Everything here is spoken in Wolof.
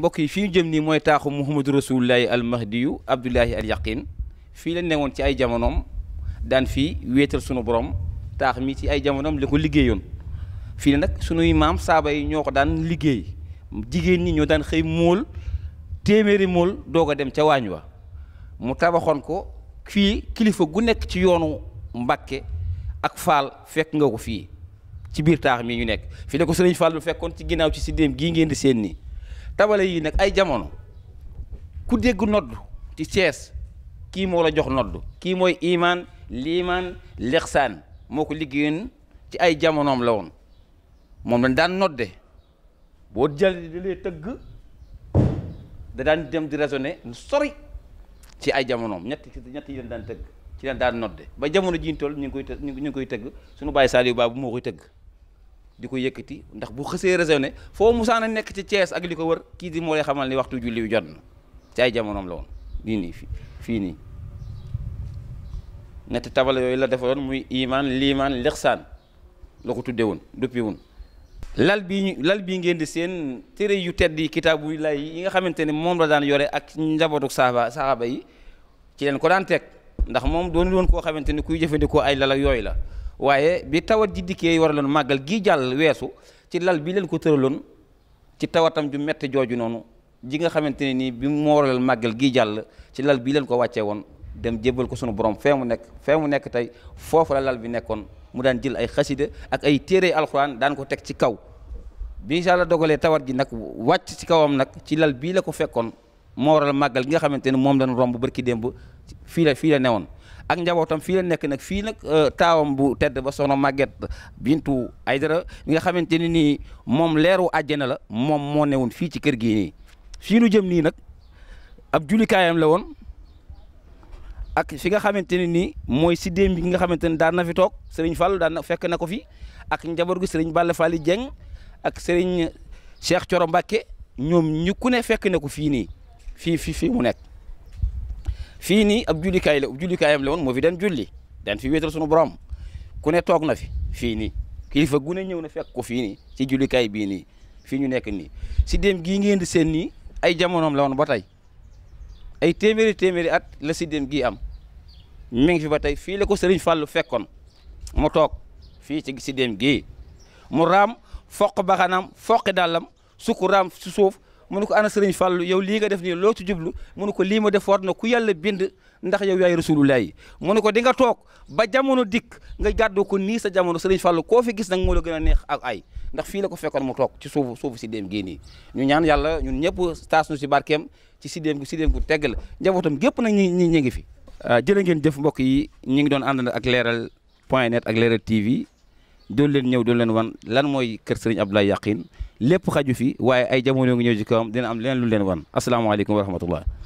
mbokk yi fi ñu jëm nii mooy taaxu Muhammadu Rasulullahi al Mahdiyu Abdullahi al Yaqin fii la newoon ci ay jamonoom daan fii weetal sunu borom taax mii ci ay jamonoom li ko liggéeyoon fii nag sunuy maam saaba yi ñoo ko daan liggéey jigéen ñi ñoo daan xëy mool téeméeri mool doog a dem ca waañ wa mu tabaxoon ko fii kilifa gu nekk ci yoonu Mbàkke ak Faal fekk nga ko fii ci biir taax mi ñu nekk fii la ko sëriñ Faal bu fekkoon ci ginnaaw ci si gii ngeen di seen nii tabale yii nag ay jamono ku dégg nodd ci Cees kii moo la jox nodd kii mooy imaan liimaan lexsaan moo ko liggéeyoon ci ay jamonoom la woon moom lañ daan nodde boo jëlee tëgg da daan dem di raisonner lu sori ci ay jamonoom ñett ñetti yi daan tëgg ci leen daan nodde ba jamono jiñ toll ñu ngi koy ñu ngi koy tëgg suñu bàyyi Saliou moo koy tëgg di ko yëkkati ndax bu xësee raisonné foo musaana nekk ci Thiès ak li ko wër kii di moo lay xamal ni waxtu julli wi jot na ci ay jamonoom la woon nii nii fii fii nii ñetti tabal yooyu la defoon muy iman liimaan lixsaan la ko tudde woon duppi woon lal bii ñu lal bii ngeen di seen téere yu tedd yi buy lay yi nga xamante ne moom la daan yore ak njabootu saaba saaba yi ci leen ko daan teg ndax moom doon woon koo xamante ni kuy jëfandikoo ay lal ak yooyu la waaye bi tawat ji dikkee waraloon màggal gi jàll weesu ci lal bi leen ko tëraloon ci tawatam ju metti jooju noonu ji nga xamante ne nii bi moo waraloon màggal gi jàll ci lal bii leen ko wàccee woon dem jébbal ko sunu borom fee mu nekk fee mu nekk tey foofu la lal bi nekkoon mu daan jël ay xasida ak ay téere alxuraan daan ko teg ci kaw bi incha allah dogalee tawat ji nag wàcc ci kawam nag ci lal bii la ko fekkoon moo waral màggal gi nga xamante ne moom lañ romb barki démb fii la fii la newoon ak njabootam fii la nekk nag fii nag euh, taawam bu tedd ba soxna Maguette Bintu Aydara mi nga xamante ni nii moom leeru àjjana la moom moo newoon fii ci kër gi nii fii nu jëm nii nag ab julikaayam la woon ak fi nga xamante ne nii mooy si démb bi nga xamante ni daan na fi toog sëriñ Fall daan fekk na ko fi ak njaboot gi Serigne Balla Fall Dieng ak sëriñ Cheikh Coro Mbacke ñoom ñu ku ne fekk na ko fii nii fii fii fii mu nekk. fii nii ab jullikaay la ab jullikaayam la woon moo fi daan julli daan fi wéetal sunu borom ku ne toog na fi fii nii kilifa gu ne ñëw na fekk ko fii nii ci jullikaay bii nii fii ñu nekk nii si dem gii ngeen di seen nii ay jamonoom la woon ba tey ay téeméeri téeméeri at la si gi am mi ngi fi ba tey fii la ko sëriñ Fàllu fekkoon mu toog fii ci si gi gii mu raam foq baxanaam foqi dàllam sukku si suuf mu ko ana sëriñ Fàllu yow lii nga def nii loo ci jublu mu ko lii ma def war na ku yàlla bind ndax yow yaay rasulullahi mu ne ko di nga toog ba jamono dikk nga gàddu ko nii sa jamono sëriñ Fàllu koo fi gis nag moo la gën a neex ak ay ndax fii la ko fekkoon mu toog ci suuf suufu si déem gii nii ñu ñaan yàlla ñun ñëpp taas nu si barkeem ci si déem si déem gu tegg la njabootam gépp nag ñi ñi ñu ngi fi ah, jërë ngeen jëf mbokk yi ñu ngi doon ànd ak leeral point net ak leeral tv doolu leen ñëw doolu leen wan lan mooy kër sëriñ Abdoulaye Yakhine lépp xaju fi waaye ay jamono ngi ñëw ci kawam dina am leen lu leen wan asalaamaaleykum wa rahmatullah